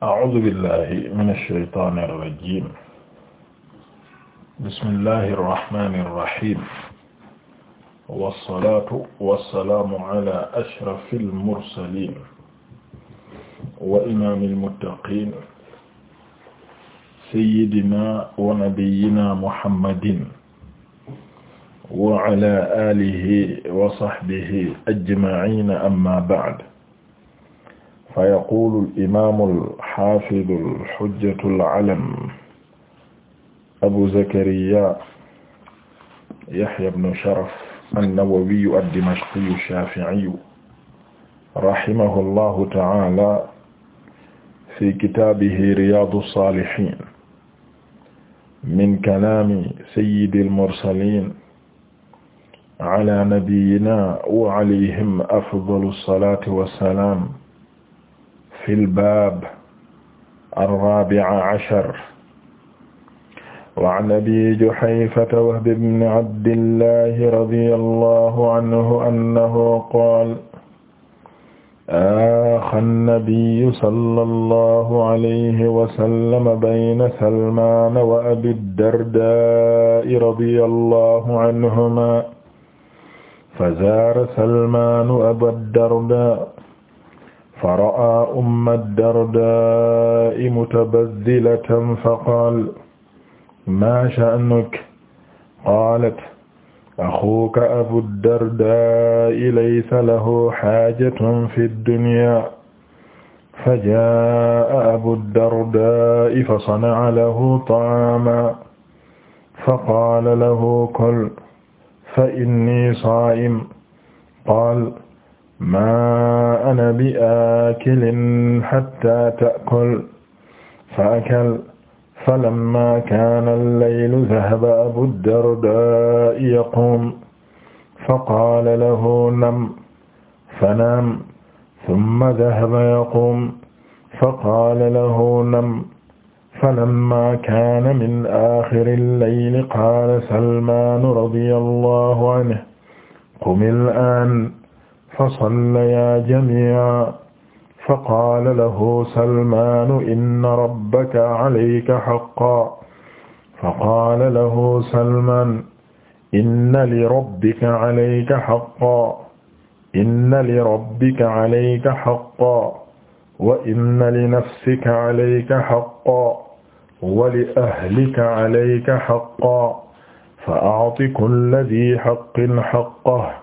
a'uuzu billaahi mina shaytaani rajiim bismillaahi rahmaani rahiim wassalaatu wassalaamu alaa ashrafil mursaliin wa imaamil muttaqiin sayyidinaa wa nabiyyinaa muhammadin wa alaa aalihi wa sahbihi ajma'iin amma ba'd fa yaqulu al-imaam al-haafiz al-hujjatu al-alam abu zakariya yahya ibn sharaf an-nawawi ad-dimashqi ash-shaafi'i rahimahu allahu ta'ala fi kitaabihi riyaadu as-saalihiin min kalaami sayyidi al-mursaliin ala nabiyyinaa wa alayhim afdalu as-salaati wa salaam fil baab ar-raabi'a ashar wa an abi juhayfata wahb ibn abdillahi radiyallahu anhu annahu qaala aakha an-nabiyyu sallallahu alayhi wa sallam bayna salmaana wa abi dardaa'i radiyallahu anhumaa fazaara salmaanu abaa dardaa فرأى أم الدرداء متبذلة فقال ما شأنك قالت أخوك أبو الدرداء ليس له حاجة في الدنيا فجاء أبو الدرداء فصنع له طعاما فقال له كل فإني صائم قال ma ana bi aakilin hatta ta'kul fa akal falamma kaana al-laylu dhahaba abu ad-dardaa'i yaquum faqaala lahu nam fanaam thumma dhahaba yaquum faqaala lahu nam falamma kaana min aakhiri al-layli qaala salmaanu radiyallahu anhu qum al-aan fasallayaa jamii'an faqaala lahu salmaanu inna rabbaka alayka haqqan faqaala lahu salmaan inna li rabbika alayka haqqan inna li rabbika alayka haqqan wa inna li nafsika alayka haqqan wa li ahlika alayka haqqan fa a'ti kulla dhii haqqin haqqahu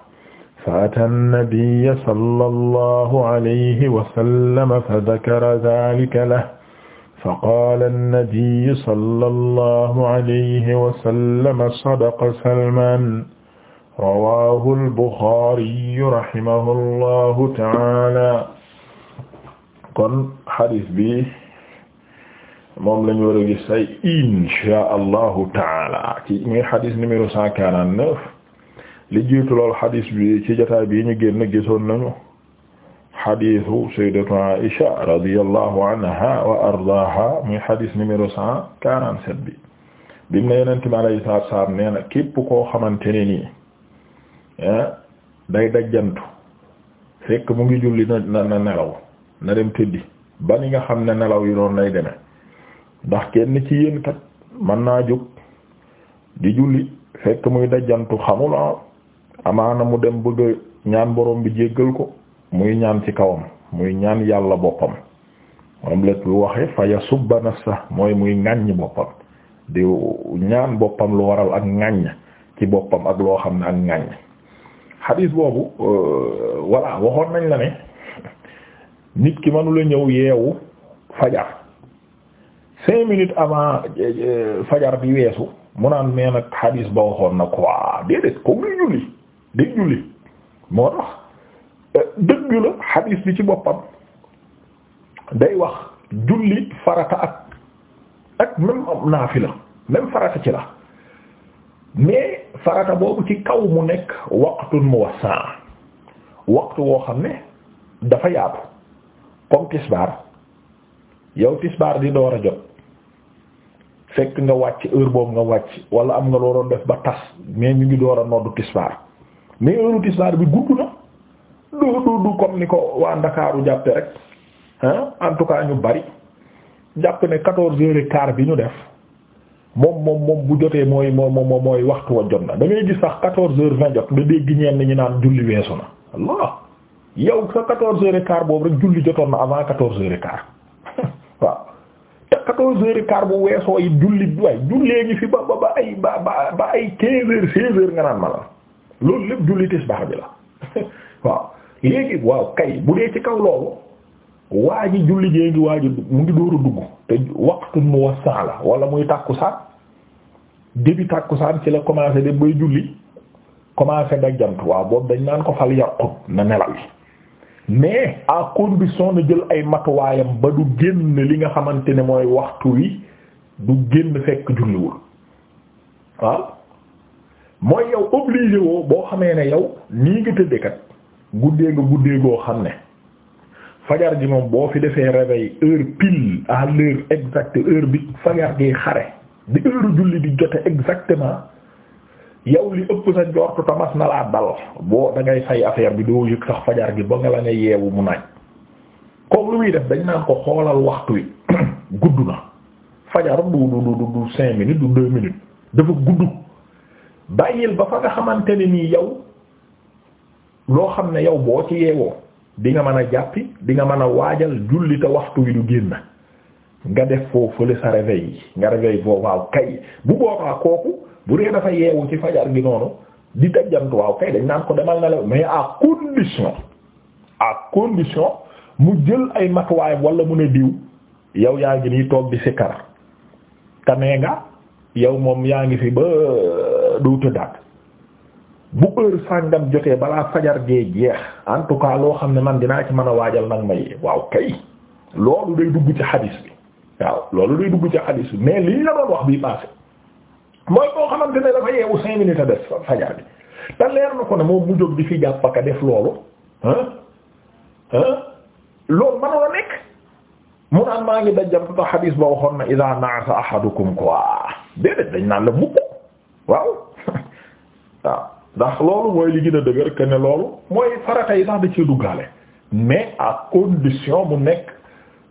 fa ata nabiyya sallallahu alayhi wa sallam fa dakara zaalika lahu fa qaala nabiyyu sallallahu alayhi wa sallam sadaqa Salmaan rawaahu al-Buxaari rahimahullahu ta'aala kon xadis bi moom lañu war a gis ay inshaa Allahu ta'aala ci muy xadis numéro 149 li jiitu lool xadis bi ci jotaay bi ñu génn gisoon nañu xadisu sayyidatu Aisha radiyallahu anha wa ardaaha muy xadis numéro cent quarante sept bi bi alayhi salaatu salaam nee na képp koo xamante ni nii ah, day dajjantu fekk mu ngi julli na na nelaw na dem tëddi ba ni nga xam ne nelaw yi doon lay demee ndax kenn ci yéen kat mën naa jóg di julli fekk muy dajjantu xamul ah, amaana mu dem bëgg a ñaan borom bi jéggal ko muy ñaan ci kawam muy ñaan yàlla boppam moom la ñu waxee fa yasubba nafsa mooy muy ŋàññ boppam di ñaan boppam lu waral ak ŋàññ ci boppam ak loo xam ne ak ŋàññ xadiis boobu euh, voilà waxoon nañ la ne nit ki manula ñëw yeewu fajar cinq minutes avant euh, euh, fajar bi weesu mu naan nee nag xadiis ba waxoon na quoi déedéet comme li julli di jullit moo tax euh, dëgg la xadiis bi ci boppam day wax julli farata ak ak même naafila même farata ci la mais farata boobu ci kaw mu nekk waqtun muwassa waxtu woo xam ne dafa yaatu comme tisbaar yow tisbaar di door a jot fekk nga wàcc heure boobu nga wàcc wala am nga looloon def ba tas mais ñu ngi door a noddu tisbaar mais heure tisbaar bi gudd na du du du comme ni ko waa Ndakaaru jàppe rek ah en tout cas ñu bari jàpp ne quatorze heures et quart bi ñu def moom moom moom bu jotee mooy moo moo mooy waxtu wa jot na da gis sax quatorze heures vingt jot nga dégg ñenn ñi naan julli weesu na Allah yow sa quatorze heures et quart boobu rek julli jotoon na avant quatorze heures et quart waaw te quatorze heures et quart bu weesooy yi julli waaye jullee ngi fi ba ba ay ba ba ay loolu lépp julli tisbaar bi la waaw léegi waaw kay bu dee ci kaw loolu waa ji julli jee ngi waa ji mu ngi dóor a dugg te waxtu mu wasan la wala muy tàkkusaan début tàkkusaan ci la commencé de bay julli commencé da jant waaw boobu dañ naan ko fal yàqut na nelal mais à condition na jël ay matuwaayam ba du génn li nga xamante ne mooy waxtu wi du génn fekk julliwul waaw mooy yow obligé woo boo xamee ne yow nii nga tëddee kat guddee nga guddee goo xam ne fajar gi moom boo fi defee réveil heure pile à l'heure exacte heure bi fajar gi xare di heure julli di jote exactement yow li ëpp sa njortu tamas na laa dal boo da ngay fay bi doo yëg sax fajar gi ba nga la nga yeewu mu naaj comme lu muy def dañ naan ko xoolal waxtu wi gudd na fajar du du du du cinq minutes du deux minutes dafa gudd. bàyyil ba fa nga xamante ne nii yow loo xam ne yow boo ci yeewoo di nga mën a jàppi di nga mën a waajal julli te waxtu wi du génn nga def foofu fële sa réveil yi nga réveil boobu waaw kay bu boobaa kooku bu dee dafa yeewu ci fajar gi noonu di dajjantu waaw kay dañ naan ko demal na la mais à condition à condition mu jël ay matuwaay walla mu ne diw yow yaa ngi nii toog di sikkar te nee nga yow moom yaa ngi fi ba doo tëddaat bu heure sàngam jotee balaa fajar gee jeex en tout cas loo xam ne man dinaa ci mën a waajal nag may waaw kay loolu day dugg ci xadis bi waaw loolu day dugg ci xadis bi mais li bi te leer na ko ne moom mu jóg di fi jàppaka def loolu ah loolu mënul a nekk mu naan maa ngi dajjam ta xadis ba waxoon na ida naasa ahadukum quoi déedéet dañ naan la mukk waaw waaw ndax loolu mooy li gën a dëgër que ne loolu mooy farata yi sax da cee duggaale mais à condition mu nekk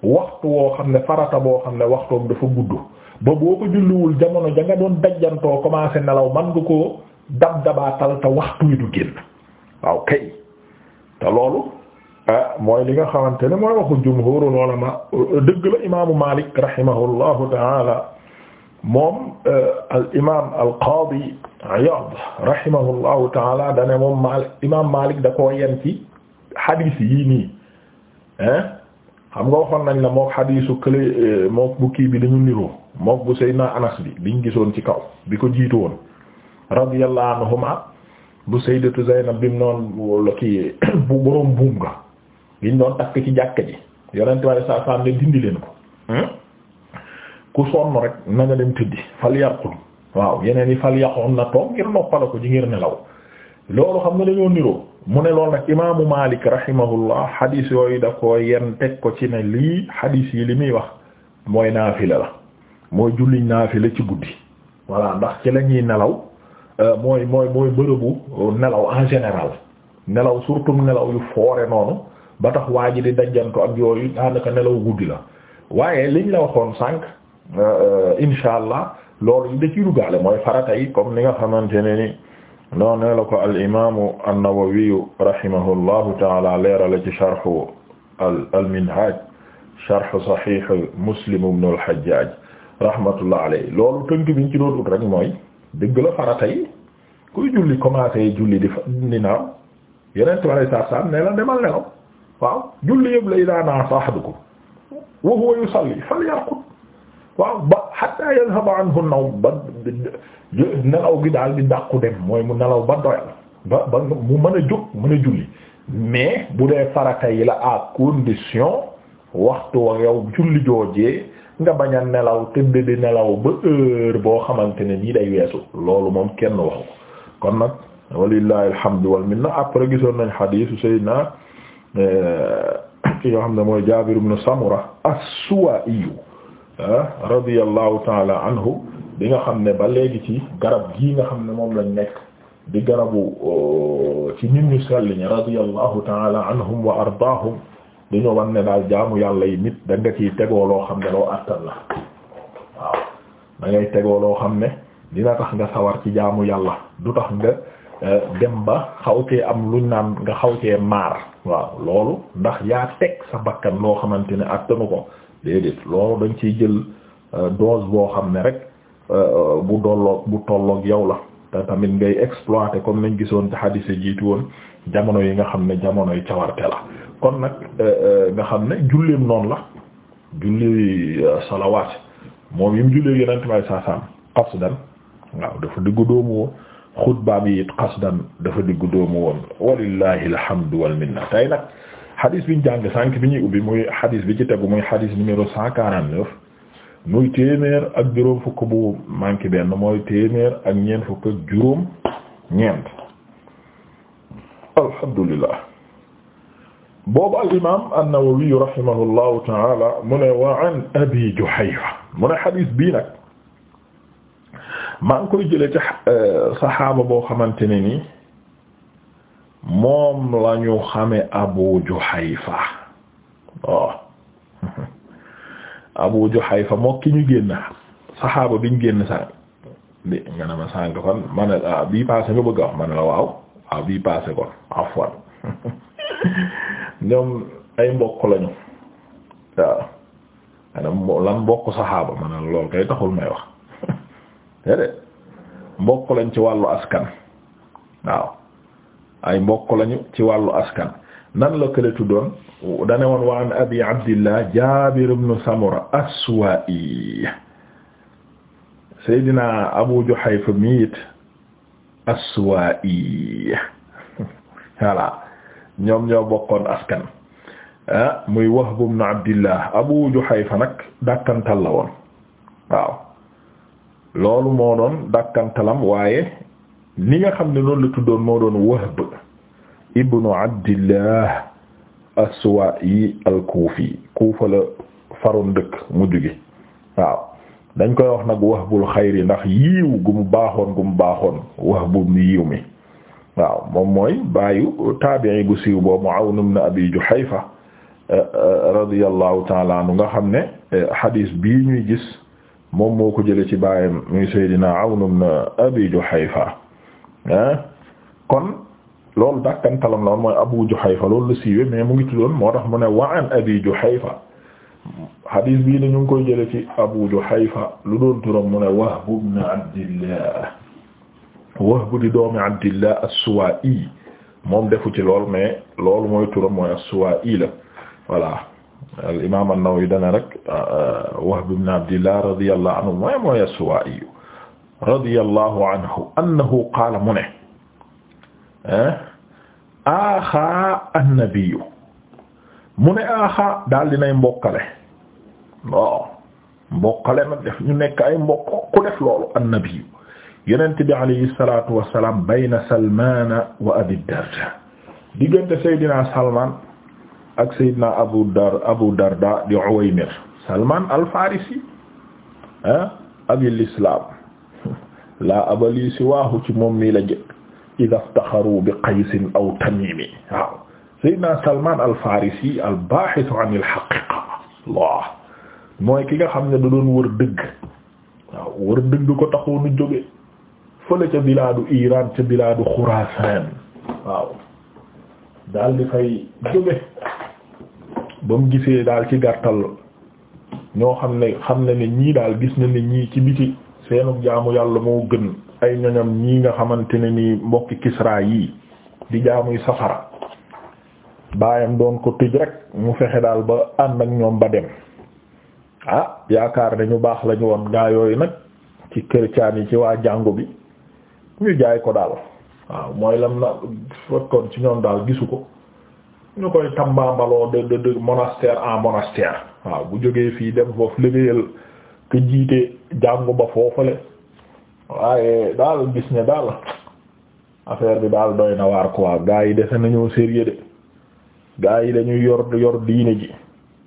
waxtu woo xam ne farata boo xam ne waxtoom dafa gudd ba boo ko julliwul jamono ja nga doon dajjantoo commencé nelaw man nga ko dab dabaatal te waxtu wi du génn waaw kay te loolu ah, mooy li nga xawante ne mooy waxu jumhurul ulama dëgg la imaamu Malik rahimahullahu taala moom euh, al imaam al qaadi Iyaad rahimahullahu taala da ne moom Maalik imaam Maalik da koo yen ci xadiis yii nii ah xam nga waxoon nañ la mook xadiisu kële euh, mook bu kii bi dañu niroo mook bu Seydina Anas bi biñ gisoon ci kaw bi ko jiitu woon radiyallahu anhuma bu Sayyidatu Zaynab bi mu noon la bu boroom buum nga liñ doon takk ci jàkka ji yonent bi sallallahu alayhi wasallam ne dindi leen ko. ku sonn rek na nga dem tëddi fal yarqul waaw yeneen yi fal yaqoon na toog ngir noppala ko ji ngir nelaw loolu xam nga dañoo niroo mu ne loolu nag imaamu Malik rahimahullah hadith yooyu da ko yen teg ko ci ne lii hadith yi li muy wax mooy naafila la mooy julliñ naafila ci guddi voilà ndax ci la ñuy nelaw euh, mooy mooy mooy bërëbu euh, nelaw en général nelaw surtout nelaw yu foore noonu ba tax waa ji di dajjantu ak yooyu daanaka nelaw guddi la waaye liñ la waxoon Euh, insha allah loolu yi da ciy mooy farata yi ni nga xamante ne ni noonu la ko al imaamu an-Nawawi rahimahullahu taala leerala ci sharhu al al minhaj sharh sahih Muslim ibn al-Hajjaj rahmatullah alayhi loolu tënk biñ ci doon ut mooy dëgg la farata yi kuy julli commencé julli di di naaw yeneen tubaab yi saa nelaw waaw julli yëpp la ilaa naa saaxadu ko wa huwa yusalli waaw ba hatta yadhhaba anhu nawm ba nelaw gi daal di dàqu dem mooy mu nelaw ba doyal ba ba mu mën a jóg mën a julli mais bu dee farata yi la à condition waxtu wa yow julli joojee nga bañ a nelaw tëdd di nelaw ba heure boo xamante ne nii day weesu loolu moom kenn waxu kon nag walillahi alhamdu wal na après gisoon nañ xadiisu sayyidina eh, ki yoo xam ne mooy Jaabir ibn Samura as-Suwaa'i Ah, radiyallahu taala anhu bi nga xam ne ba léegi ci garab gii nga xam ne moom lañ nekk di garabu euh, ci nit ñu sell ñi radiyallahu taala anhum wa ardaahum dañu wan ne daal jaamu yàlla yi nit da nga ciy tegoo loo xam ne loo attan la waaw da ngay tegoo loo xam ne dina tax nga sawar ci jaamu yàlla du tax nga euh, dem ba xaw cee am luñ naan nga xaw cee maar waaw loolu ndax yaa teg sa bakkan loo xamante ne attanu ko déedéet loolu dañ ci jël euh, dose boo xam ne rek euh, bu dolloog bu tollook yow la te tamit ngay exploiter comme nañ gisoon te xadis yi jiitu woon jamono yi nga xam ne jamonoy cawarte la kon nag euh, nga xam ne julleem noonu la julli salawaat moom yi mu jullee yeneen may saasaam qasdan waaw dafa diggu doomu woon xutbaa bi it qasdan dafa diggu doomu woon walillahi alhamdu wal tey nag xadis bi ñu jàng sànq bi ñuy ubbi muy xadis bi ci tegu muy xadis numéro cent quarante neuf muy téeméer ak juróom fukk bu manqué benn mooy téeméer ak ñeent fukk ak juróom ñeent alhamdulillah boobu al imam an-Nawawi rahimahullahu taala mu ne wa an abi Juhayfa mu ne xadis bii nag maa ngi koy jëlee ci euh, saxaaba boo xamante ne nii moom lañu xame Abu Juhayfa waaw oh. Abu Juhayfa moo ki ñu génn saxaaba biñ génn sànq bi nga ne ma sànq kon ma ah, bii paase nga bëgg a wax ma ne la waaw waaw ah, bii paase kon afwan ñoom ay mbokk lañu waaw maanaam lan mbokk saxaaba ma ne kay taxul may wax déedéet mbokk lañ ci wàllu askan waaw. ay mbokk lañu ci wàllu askan nan la kële tuddoon dane woon wa an abi abdillah jabir ibn samura aswa'i seydina abu juhayf miit aswa'i ñoom ñoo bokkoon askan ah, muy wahb ibn abdillah abu juhayfa nag dàkkantal la woon waaw loolu moo doon dàkkantalam waaye ni nga xam ne loolu la tuddoon moo doon Wahb ibnu Abdillah Aswa'i al-Kufi Kufa la mu jóge waaw dañ koy wax nag Wahbul xayri ndax yiiw gu mu baaxoon gu mu baaxoon Wahb mu yiiw mi waaw moom mooy baayu taabi'i gu siiw boobu Awn ibn Abi Juhayfa eh, eh, radiyallahu ta'ala anhu nga xam ne hadis eh, bii ñuy gis moom moo ko jële ci baayam muy Seydina Awn ibn Abi Juhayfa kon loolu dàkkantalam la woon mooy Abu Juhayfa loolu la siiwee mais mu ngi tuddoon moo tax mu ne wa an Abi Juhayfa xadiis bii ne ñu ngi koy jële ci Abu Juhayfa lu doon turam mu ne Wahb ibn Abdillah Wahb di doomi Abdillah as-Suwa'i moom defu ci lool mais loolu mooy turam mooy as-Suwa'i la voilà al imaam an-Nawawi dana rek Wahb ibn Abdillah radiyallahu anhu mooy mooy as-Suwa'i radiyallahu anhu annahu qaala mu ne ah, aaxaa annabiyu mu ne aaxaa daal dinay mbokkale waaw mbokkale nag def ñu nekk ay mbokk ku def loolu annabiyu yonent bi alayhi salaatu wa salaam bayna Salmaana wa Abi Darda diggante Seydina Salmaan ak Seydina Abu Dar Abu Darda di Uwaymir Salmaan al-Faarisi abil ah, islaam laa abali siwaahu ci moom mii la jëkk ida ftaxaru bi qaysin aw tamimi waaw sayyidina salman al farisi an al mooy ki nga xam ne da doon wër dëgg wër dëgg ko taxoonu jóge fële ca bilaadu iran ca bilaadu xurasan waaw daal di fay jóge ba gisee daal ci gàttal ñoo xam ne xam ne ne ñii daal gis na ne ñii ci biti seenu jaamu yàlla moo gën ay ñoñam ñii nga xamante ne nii mbokki Kisra yi di jaamuy safara baayam doon ko tëj rek mu fexe daal ba ànd ak ñoom ba dem ah yaakaar ne ñu baax lañu woon gaa yooyu nag ci chrétien yi ci waa jàngu bi ñu jaay ko daal waaw mooy lam na fekkoon ci ñoom daal gisu ko ñu koy tambaambaloo de de de monastère en monastère waaw bu jógee fii dem foofu liggéeyal ko jiite jàngu ba foofale waaye daal gis ne daal affaire bi daal doy na waar quoi gaa yi dese nañoo sérieux de gaa yi dañuy yor yor diine ji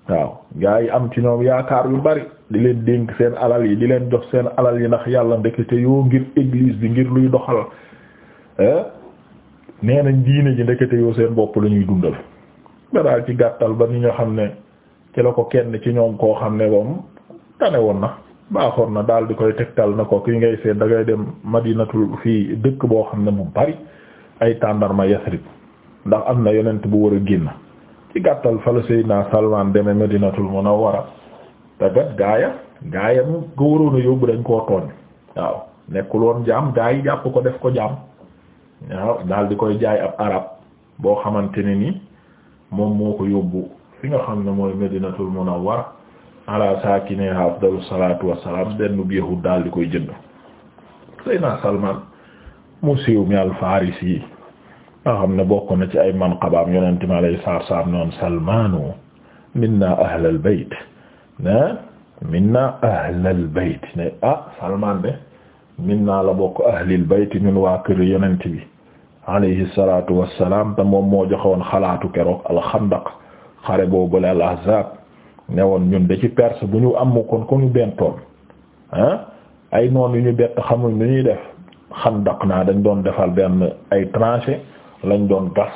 waaw gaa yi am ci ñoom yaakaar yu bari di leen dénk seen alal yi di leen jox seen alal yi ndax yàlla ndekete yoo ngir église bi ngir luy doxal eh? nee nañ diine ji ndekete yoo seen bopp la ñuy dundal ba daal ci gàttal ba ni nga xam ne ci la ko kenn ci ñoom koo xam ne moom tane woon na baaxoon na daal di koy tegtal na ko ki ngay seet da ngay dem madinatul fii dëkk boo xam ne bu bari ay tàndarma Yasrib ndax am na yonent bu war a génn ci gàttal fala Seydina Salman deme madinatul a te gat gaaya gaaya mu ko waroon a yóbbu dañ koo tooñ waaw nekkul woon jaam gaa yi jàpp ko def ko jaam waaw daal di koy jaay ab arab boo xamante ne ni moom moo ko yóbbu fi nga xam ne mooy madinatul wara ala saakine afdalu salaatu wassalaam hmm. benn bu yahud daal di koy jënd Seydina Salman mu siiw mi al-Farisi yi ne bokk na ci ay manqabaam yonent mi alayhi salaatu wassalaam noon Salmaanu minna ahlal bayt na minna ahlal bayt ne ah Salman de minna la bokk ahlil bayt ñun waa kër yonent bi salaatu wassalaam te moom moo joxewoon xalaatu keroog al-Xandaq xare boobu al-Ahzaab ne woon ñun de ci Perse bu ñu am kon ko ñu bentoon ah ay noon yu ñu bett xamuñ lu ñuy def xandaq naa dañ doon defal benn ay tranchées lañ doon gas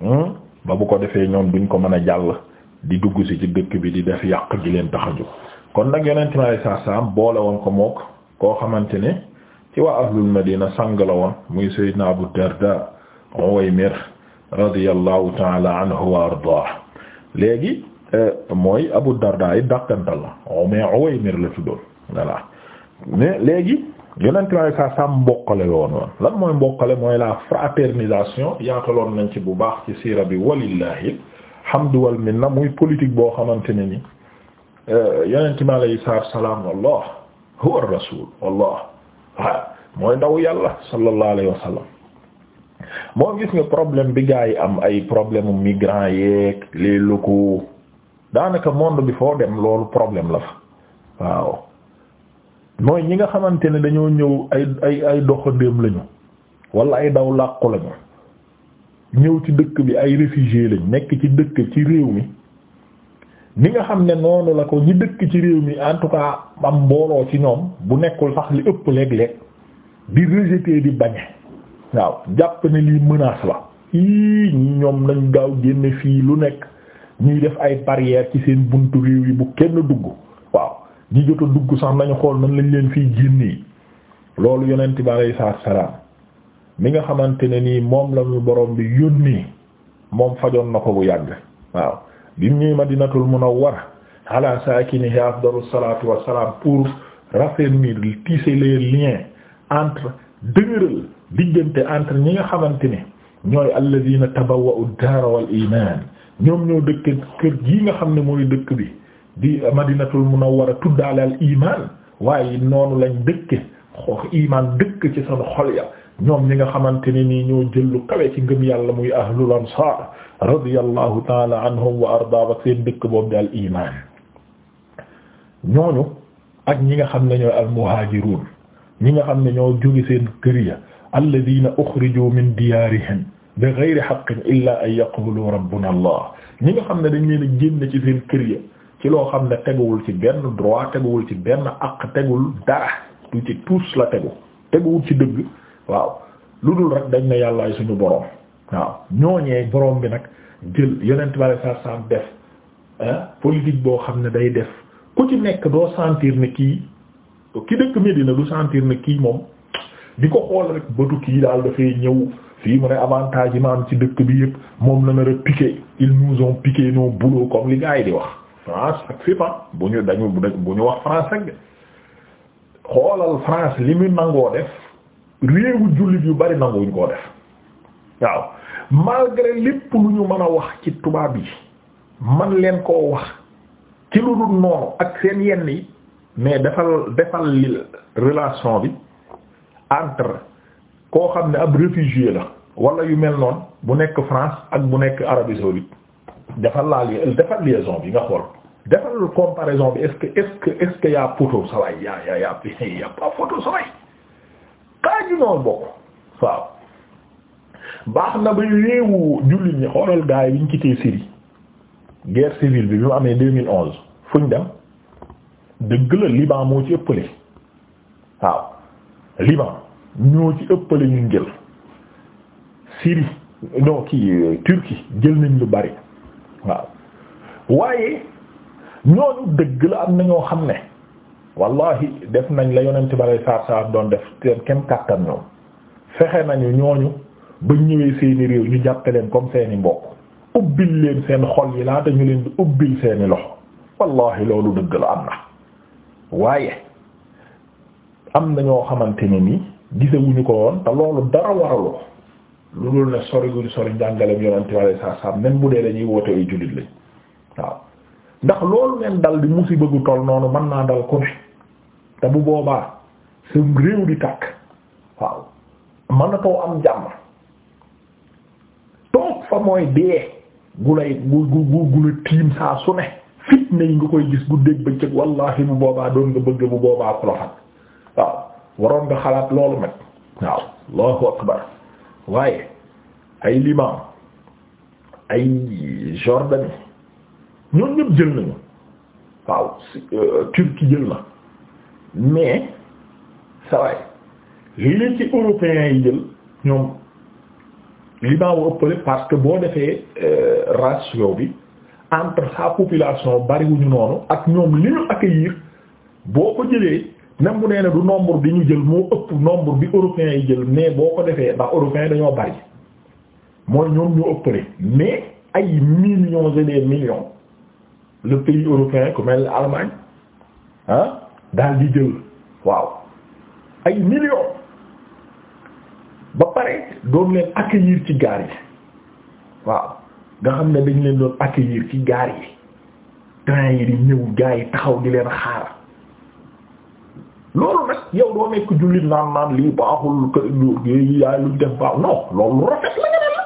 hmm, ba bu ko defee ñoom duñ ko mën a jàll di dugg si ci dëkk bi di def yàq gi leen tax a jóg kon nag yonent mi saa saam boole woon ko mook koo xamante ne ci waa ahlul madina sang la woon muy sayyidna Abu Darda Uwaymir radiyallahu ta'ala anhu wa ardaah léegi Euh, mooy Abu Darda it dàqantal la oh, mais Uwaymir la tuddoon voilà mais léegi yonent bi saa saam mboqale woon woon lan mooy mboqale mooy la fraternisation yaataloon nañ ci bu baax ci siira bi walillahi hamdu wal minna muy politique boo xamante ne ni euh, yonent bi alayhi salaam wallah huwa rasul wallah mooy ndaw yàlla sallallahu alayhi wa sallam moo gis nga problème bi gaa am ay problème migrants yeeg les daanaka monde bi foo dem loolu problème la fa waaw mooy ñi nga xamante ne dañoo ñëw ay ay ay doxandéem lañu wala ay daw làqu lañu ñëw ci dëkk bi ay réfugié lañ nekk ci dëkk ci réew mi ni nga xam ne noonu la ko ñi dëkk ci réew mi en tout cas am mbooloo ci ñoom bu nekkul sax li ëpp léeg-léeg di rejeter di bañe waaw jàpp ne lii menace la ii ñoom nañ gaaw génne fii lu nekk ñuy def ay barrière ci seen buntu réew yi bu kenn dugg waaw ñi jot dugg sax nañu xool nan lañ leen fiy génnee loolu yonent bi alayhi salaam mi nga xamante ne nii moom lañu borom bi yónnee moom fajoon na ko bu yàgg waaw bi ñuy madinatul munawwara ala saakinihi afdalu salaatu wassalaam pour raffermir tisser les liens entre dëgëral diggante entre ñi nga xamante ni ñooy alladina tabawwa'u ad-daara wal ñoom ñoo dëkk kër gi nga xam ne mooy dëkk bi di madinatul munawwara tuddaale al iman waaye noonu lañ dëkke xoox iman dëkk ci seen xol ya ñoom ñi nga xamante ni nii ñoo jël lu kawe ci ngëm yàlla muy ahlul ansar radiyallahu taala anhum wa arda ba seen dëkk boobu di al iman ñooñu ak ñi nga xam ne ñooy al ñi nga xam ne ñoo jóge seen kër ya alladina uxriju min diyaarihim bi ghayri haqqin illa an yaqulu rabbuna allah ñi nga xam ne dañ leen a ci seen kër ya ci loo xam ne teguwul ci benn droit teguwul ci benn aq tegul dara du ci tous la tegu teguwul ci dëgg waaw lu dul rek dañ ne yàllaay suñu boroom waaw ñooñee boroom bi nag jël yonent bale saa saam def politique boo xam ne day def ku ci nekk doo sentir ne kii ki dëkk Medina du sentir ne kii moom di ko xool rek bëtu kii daal dafay ñëw fii mu ne avantage yi ma am ci dëkk bi yëpp moom la nar a piqué ils nous ont comme li gars di wax France ak FIPA bu ñu dañu bu ñu wax France ak xoolal France li mu nangoo def réewu jullit yu bari nanguwuñ koo def waaw malgré lépp lu ñu mën a wax ci tubaab yi man leen koo wax ci lu dul noonu ak seen yenn yi mais defal defal li relation bi entre koo xam ne ab réfugié la wala yu mel noon bu nekk France ak bu nekk Arabie saoudite defal laa li defal liaison bi nga xool defal comparaison bi est-ce que est-ce que est-ce que y'a photo sa yaa yaa yaa photo sa waay xaaju noonu bokk waaw baax na ba réewu jullit ñi xoolal gars yi bi ñu quitté Syrie guerre civile bi bi mu amee fu ñu dem dëgg la Liban moo ci ëppale waaw Liban ñoo ci ëppale ñu jël Syrie non kii euh, Turquie jël nañ lu bari waaw waaye ñooñu dëgg la am na ñoo xam ne wallahi def nañ la yonent ba lay saar saar doon def seen kenn kàttan ñoom fexe nañu ñooñu ba ñëwee seeni réew ñu jàppe leen comme seeni mbokk ubbil leen seen xol yi laata ñu leen di ubbil seeni loxo wallahi loolu dëgg la am na waaye am na ñoo xamante ne nii gisewuñu ko woon te loolu dara waraloo lu dul ne sori guñ sori njàngaleem yonent bi alayhi salaam même bu dee dañuy woote ay jullit lañ waaw ndax loolu leen dal di musiba gu toll noonu mën naa dal ku ne te bu boobaa sam réew di tàkk waaw mënatoo am jàmm toog fa mooy dee gu lay gu gu gu gu la tiim saa su ne fitna yi nga koy gis guddeeg bëccëg wallaahi bu boobaa doon nga bëgg bu boobaa ku la fat waaw waroon nga xalaat loolu nag waaw allahu akbar waaye ay limaam ay Jordanie ñoom ñëpp jël nañu waaw euh, Turquie jël na mais sawaay lii leen ci européens yi jël ñoom limaam wu ëppale parce que boo defee euh, ratio bi entre sa population bariwuñu noonu ak ñoom li ñu accueillir boo ko jëlee même bu nee ne du nombre bi ñu jël moo ëpp nombre bi européens yi jël mais boo ko defee ndax européens dañoo bari mooy ñoom ñu ëppale mais ay millions et des millions le pays européen ku mel Allemagne ah daal di jël waaw ay millions ba pare doon leen accueillir ci gaar yi waaw nga xam ne dañ leen doon accueillir ci gaar yi train yi di ñëw gaa yi taxaw di leen xaar loolu nag yow doo nekk jullit naan naan lii baaxul kër gi yaay luñ def baax non loolu rafet la nga ne la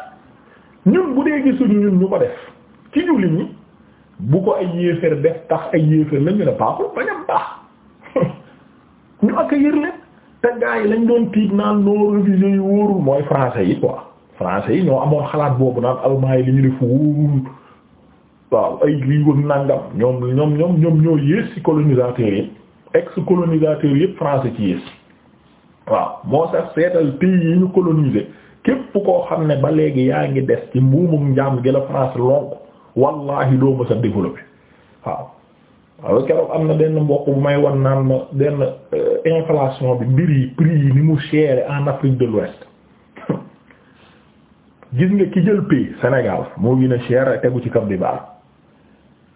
ñun bu dee gisuñu ñun ñu ko def ci jullit ñi bu ko ay yéeféer def tax ay yéeféer la ñu ne baaxul bañ baax ñu accueillir leen te gars yi doon tiit naan non réfugiés yi wóorul mooy français yi quoi français yi ñoo amoon xalaat boobu naan allemand yi li ñu def wóorul waaw ay lii wër nangam ñoom ñoom ñoo yées ci colonisateurs yi. ex-colonisateur yëpp français ci yées waaw moo sax seetal pays yi ñu coloniser képp koo xam ne ba léegi yaa ngi des ci mbuumum njaam gi la France lonk wallahi doo ma sa développé waaw waaw keroog am na benn mbokk bu may wan naan ma benn euh, inflation bi mbir yi prix yi ni mu cher en Afrique de l'Ouest gis nga ki jël pays Sénégal moo gën a tegu ci kab bi baal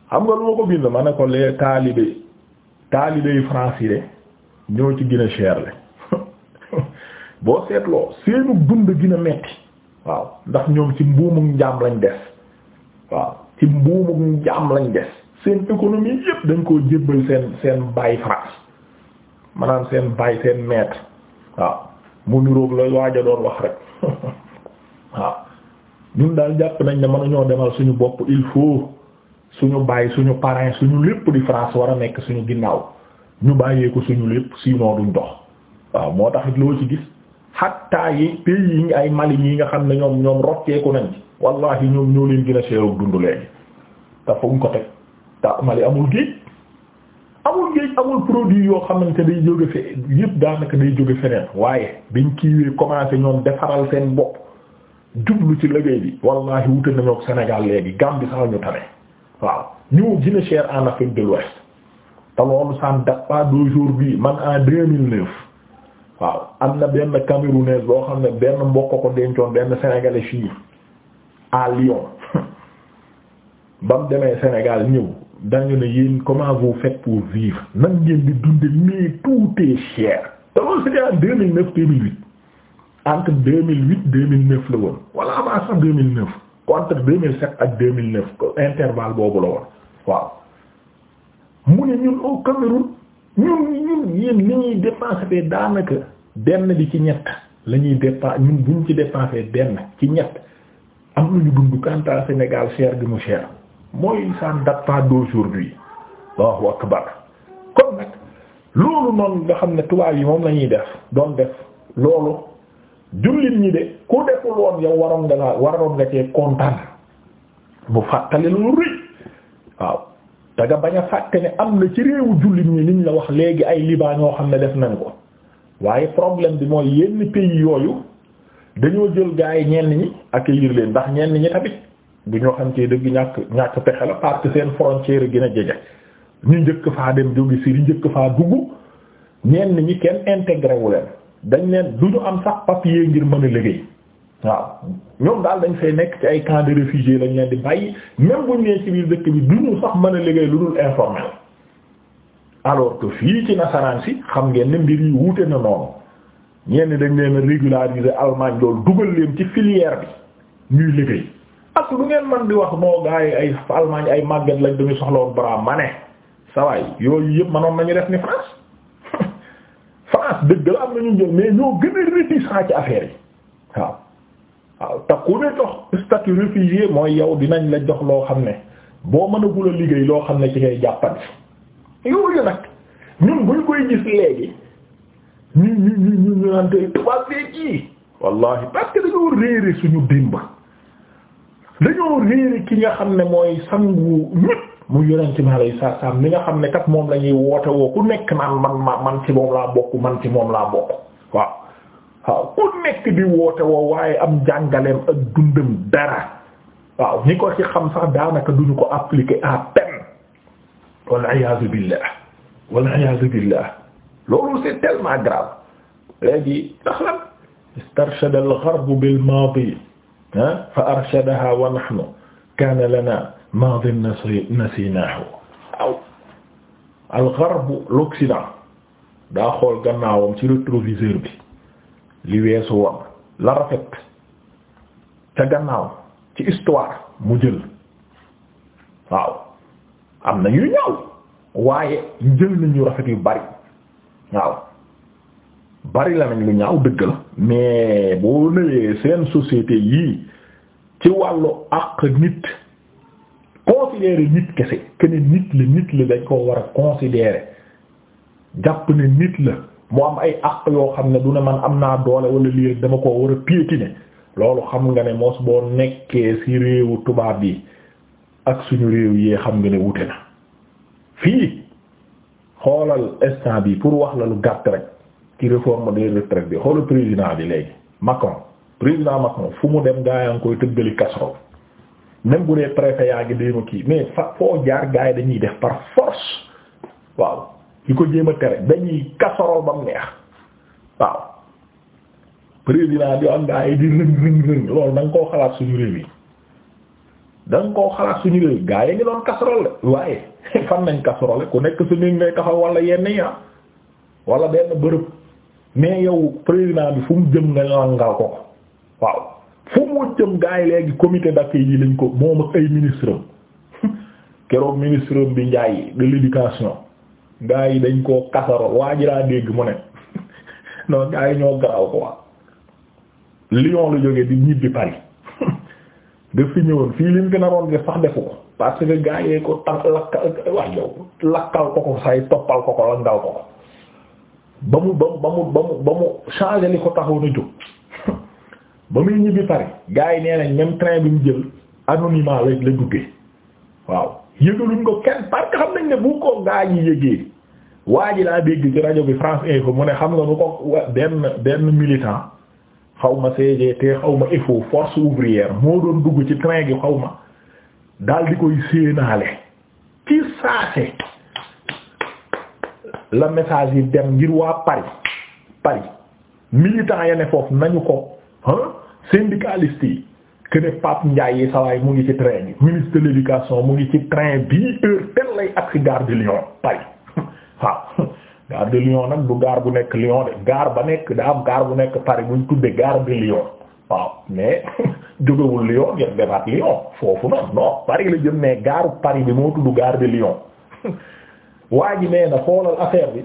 xam nga lu ma ko bind ma ne ko les talibés taalibey yi de ñoo ci gën a cher boo seetloo seenu dund gën a metti waaw ndax ñoom ci mbuumuk njaam lañ des waaw ci mbuumuk njaam lañ des seen économie yépp dañ koo jébbal seen seen baay France maanaam seen baay seen maître waaw mu niroog la waaja doon wax rek waaw ñun daal jàpp nañ ne mënuñoo demal suñu bopp il faut suñu bàyyi suñu parent suñu lépp di France war a nekk suñu ginnaaw ñu bàyyee ko suñu lépp sinon duñ dox waaw moo tax loo ci gis xattaa yi pays yi ay Mali yi nga xam ne ñoom ñoom rocceeku nañ ci wallahi ñoom ñoo leen gën a seeroog dund léegi te fu ko teg te Mali amul géej amul géej amul produit yoo xamante ne jóge fe yëpp daanaka day jóge feneen waaye biñ kiiwee commencé ñoom defaral seen bopp jublu ci liggéey bi wallahi wute nañoo ak Sénégal léegi Gambie sax ñu tane waaw ñu gën a cher en Afrique de l'Ouest te loolu ça ne date waaw am na benn camerounaise boo xam ne benn mbokk ko dencoon benn sénégalais fii à Lyon ba mu demee Sénégal ñëw dañu ne yéen comment vous faites pour vivre nan ngeen di dunde mais tout cher te loolu c'était en 2009 2008 entre 2008 2009 la woon wala avant sax 2009. entre 2007 ak 2009 intervalle boobu la woon waaw mu ne ñun au Cameroun ñun ñun yéen li ñuy dépensé fee daanaka benn ci la ñuy dépensé ñun buñ ci dépensé benn ci ñett am nañu dund kanta Sénégal cher gi mu cher mooy ça ne date pas d'aujourd'hui Allahu akbar kon nag loolu noonu nga xam ne tubaab yi moom la ñuy def doon def loolu jullit ñi de ku deful woon yow waroon nga laa waroon nga cee kontaan bu fàttali lu rëy waaw te bañ a fàtte am na ci réewu jullit ñi liñ la wax léegi ay liban ñoo xam ne def nañ ko waaye problème bi mooy yenn pays yooyu dañoo jël gaa yi ñenn ñi accueillir leen ndax ñenn ñi tamit bu ñoo xam ci dëgg ñàkk ñàkk pexe la parce seen frontière gën a jege ñu njëkk faa dem jóge si njëkk faa dugg ñenn ñi kenn intégré wu leen. dañ leen du ñu am sax papier ngir mën a liggéey waaw ñoom daal dañ fee nekk ci ay camp de réfugiés lañ leen di bàyyi même buñ nee ci biir dëkk bi du ñu sax mën a liggéey lu dul informel alors que fii ci nasaraan si xam ngeen ni mbir yi wuute na noonu ñenn dañ leen régulariser Allemagne loolu dugal leen ci filière bi ñuy liggéey ak lu ngeen man di wax moo gars yi ay Allemagne ay màgget lañ dañu soxla woon bara mane sawaay yooyu yëpp mënoon nañu def dëgg la am nañu jël mais ñoo gën a réticent affaire yi waaw waaw mooy yow dinañ la jox loo xam ne boo mën liggéey loo xam ne ci ngay jàppandi léegi ñu ñu suñu dimba dañoo réere ki nga xam ne mooy sangu mu yonent bi alayhi salaam mi nga xam ne kat moom la ñuy woote woo ku nekk naan man ma man ci moom laa bokk man ci moom laa bokk ku nekk di woote woo waaye am jàngaleem ak dundam dara waaw ñi ci xam sax daanaka duñu ko appliquer à peine wal iyaazu billah loolu c'est tellement grave léegi ndax lan istarshada al-gharb bil maadi ah, fa arshadaha wa nahnu kaana lana maadin nasinaahu aw al-gharb l'Occident daa xool gannaawam ci rétroviseur bi li weesu woon la rafet ca gannaaw ci histoire mu jël waaw am na yu ñaaw waaye jël nañu rafet yu bari waaw bari la nañ lu ñaaw dëgg la mais boo nëwee seen société yii ci wàllu àq nit considérer nit kese la nit la dañ koo war a considérer jàpp ne nit la mu am ay àq yoo xam ne du ne man am naa doole wala lii dama koo war a piétiner loolu xam nga ne mos boo nekkee ci réewu tubaab yi ak suñu réew yee xam nga ne wute na fii xoolal instant bi pour wax la lu gàtt rek ci réforme des retraites bi xoolal président bi léegi Macron président Macron fu mu dem gaa yaa ngi koy tëggali casserole même bu dee préfet yaa ngi déema kii mais fa foo jaar gars dañuy def par force waaw li ko jéem a tere dañuy casserole ba mu neex waaw président bi am gars yi di rëng rëng rëng loolu da koo xalaat suñu réew yi da koo xalaat suñu réew yi gars yi ngi doon casserole waaye fan nañ casserole ku nekk su ngay taxaw wala yenn ya ah wala benn bërëb mais yow président bi fu mu jëm nga langal ko waaw fu muccam gaa yi léegi comité d'accueil yi lañ ko moom ak ay ministre keroog ministre bi njaay de l'éducation gaa yi dañ ko kasaroo waa ji laa dégg mu ne non gaa yi ñoo garaaw ko waa Lyon la jóge di ñibbi Paris daf fi ñëwoon fii lim fi naroon def sax defu ko parce que gaa ko tam lakkal wax yow lakkal ko ko say toppal ko ko langal ko ko ba mu ba mu ba mu ba mu changé li ko taxoon a jóg ba muy ñibbi Paris gars yi nee nañ même bi mu jël anonymement la la duggee waaw yëgaluñ ko kenn parce xam nañ ne bu ko gaa yi yëgee waa ji laa dégg ci rajo bi France Info mu ne xam nga nu ko benn benn militant xaw ma CGT xaw ma FO force ouvrière moo doon dugg ci train gi xaw ma daal di koy séenaale ci saase la message yi dem ngir waa Paris Paris militant ya ne foofu nañu ko syndicaliste yi que ne Pape Ndiaye sawaay mu ngi ci train bi mu ngi ci train bi heure tel lay ak si gare de Lyon Paris waaw gare Lyon nag du gare bu nekk Lyon de gare ba nekk daa am gare bu nekk Paris buñ tuddee gare Lyon waaw mais jógewul Lyon ngeen defaat Lyon foofu noonu non Paris la jëm ne gare Paris bi moo tudd gare de Lyon waa ji nee na xoolal affaire bi.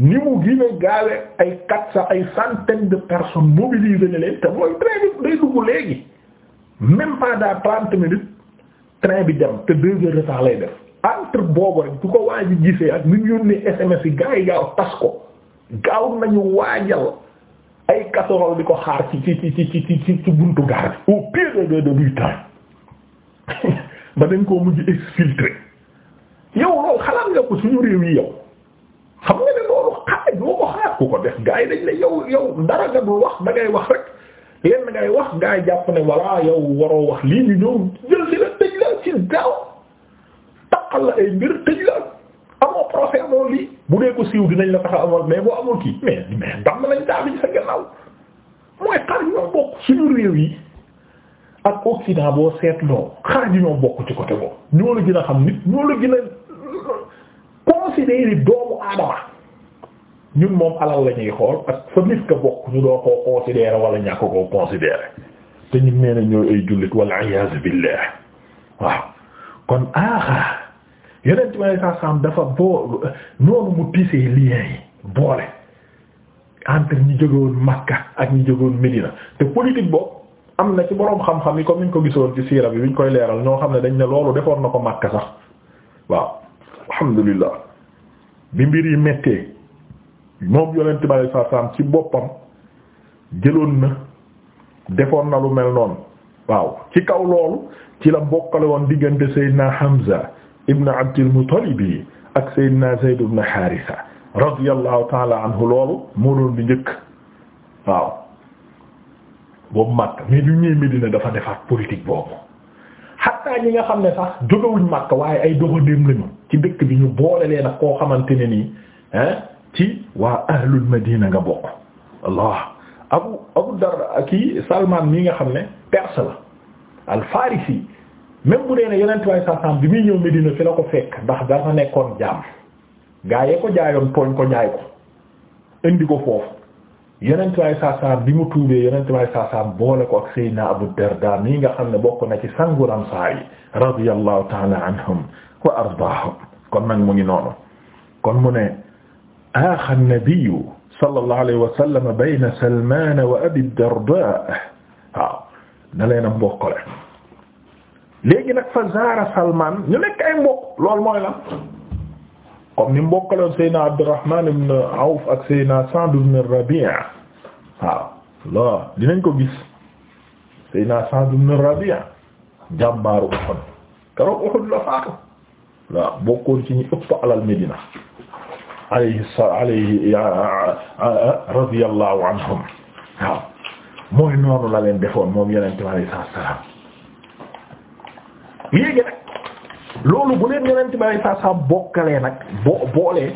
ni mu gën a gaawe ay quatre cent ay centaines de personnes mobilisées ne leen te mooy train bi day dugg léegi même pas dans trente minutes train bi dem te deux heures de temps lay def entre boobu rek du ko waa ji gisee ak ni ñu yónnee SMS yi gars yi gaaw tas ko gaaw nañu waajal ay casserole di ko xaar ci ci ci ci ci buntu gaar bi au pire de de ba dañ koo mujj exfiltrer yow loolu xalaat nga ko suñu réew yi yow. waaye doo ko xaar ku ko def gars yi dañ la yow yow dara nga dul wax da ngay wax rek leen na ngay wax gars yi jàpp ne voilà yow waroo wax lii ñu ñëw jël di la tëj la ci daaw taqal la ay mbir tëj la amoo procès amoo lii bu dee ko siiw dinañ la tax a mais boo amoon kii mais mais ndam lañ daabi sa gannaaw mooy xar ñoo bokk suñu réew yi ak Occident boo seetloo xar ñoo bokk ci côté boobu ñoo la gën a xam nit ñoo la gën a considérer doomu aadama ñun moom alal la ñuy xool ak fa nit ka bokk ñu doo koo considérer wala ñàkk koo considérer te ñun nee na ñooy ay jullit wala iyaazu billah waaw kon aaxaa yeneen ci sa saam dafa boo noonu mu tisee liens yi boole entre ñi jógoon Makka ak ñu jógoon Medina te politique boobu am na ci boroom xam-xam yi comme niñ ko gisoon ci siira bi biñ koy leeral ñoo xam ne dañ ne loolu defoon na ko Makka sax waaw alhamdulillah bi mbir yi méttee moom yonent bi alayhi salaam ci boppam jëloon na defoon na lu mel noonu waaw ci kaw loolu ci la bokkale woon diggante Seydina Hamza ibn Abdil Muttalib ak Seydina Zayd ibn Haarisa radiyallahu taala anhu loolu moo doon njëkk waaw boobu Makka mais du ñëwee Medina dafa defaat politique boobu xattaa ñi nga xam ne sax jógewuñ Makka waaye ay doxandéem lañu ci dëkk bi ñu boole leen ak koo xamante ne nii hein ci waa ahlul madina nga bokk allah abu abu darda kii salman mii nga xam ne perse la al farisi même bu dee ne yonent way bi muy ñëw Medina fi la ko fekk ndax dafa nekkoon jaam gaa yee ko jaayoon tooñ ko jaay ko indi ko foofu yonent way bi mu tuubee yonent way sasam boole ko ak Seydina Abu Darda mii nga xam ne bokk na ci sangu ansaar yi radiyallahu ta'ala anhum wa ardaahum kon nag mu ngi noonu kon mu ne aaxa nabiyyu sallallahu alayhi wa sallam bayna Salmaan wa Abi Dardaa waaw da leen a mbokkale léegi fa zaara Salmaan ñu nekk ay mbokk loolu mooy lan comme ni mbokkaloon Seydina Abdurrahmaan ibn Awf ak Seydina Sa'd ibn Rabi' waaw loolu dinañ ko gis Seydina Sa'd ibn Rabi' jàmbaaru Uhud keroog Uhud la faatu waaw bokkoon ci ñi ëpp alal Medina alayhi alayhi radiyallahu anhum waaw mooy noonu la leen defoon moom yonente bi alayhi salaam léegi nag loolu bu leen yonente bi alayhi salaam bokkalee nag boo boolee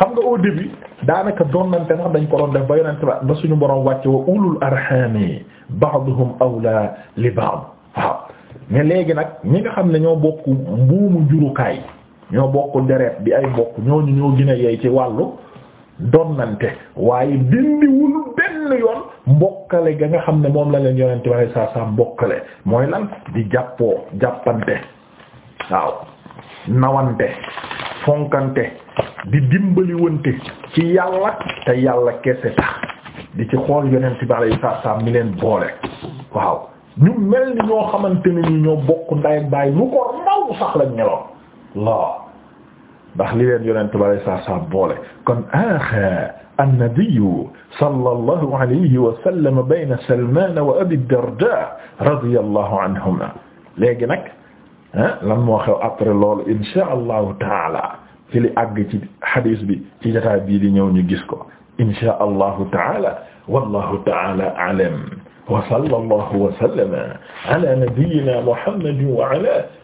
xam nga au début daanaka donnante sax dañ ko doon def ba yonente ba ba suñu borom wàcce wa ulul arhami ba'duhum awla li ba'd waaw mais léegi nag ñi nga xam ne ñoo bokk mbuumu njurukaay ñoo bokk deret di ay bokk ñooñu ñoo gën a ci wàllu donnante waaye dindiwul benn yoon mbokkale ga nga xam ne moom la leen yonente bi alei saa mbokkale mooy lan di jàppoo jàppante waaw nawante fonkante di dimbaliwante ci yàlla te yàlla kese tax di ci xool yonente bi alei saa mi leen boole waaw ñu mel ni ñoo xamante ne ñoo bokk nday baay lu ko raw sax lañ ñeloon laa ndax li leen yonent bi alayhi salaatu salaam boole kon aaxa annabiyyu sallallahu alayhi wa sallam bayna Salmaan wa Abi Dardaa radiyallahu anhumaa léegi nag ah, lan moo xew après loolu inshaa allahu taala ci li àgg ci xadiis bi ci jotaay bii di ñëw ñu gis ko inshaa allahu taala wallaahu taala a'lam wa sallallahu wa sallama ala nabiyyina Muhammadin wa ala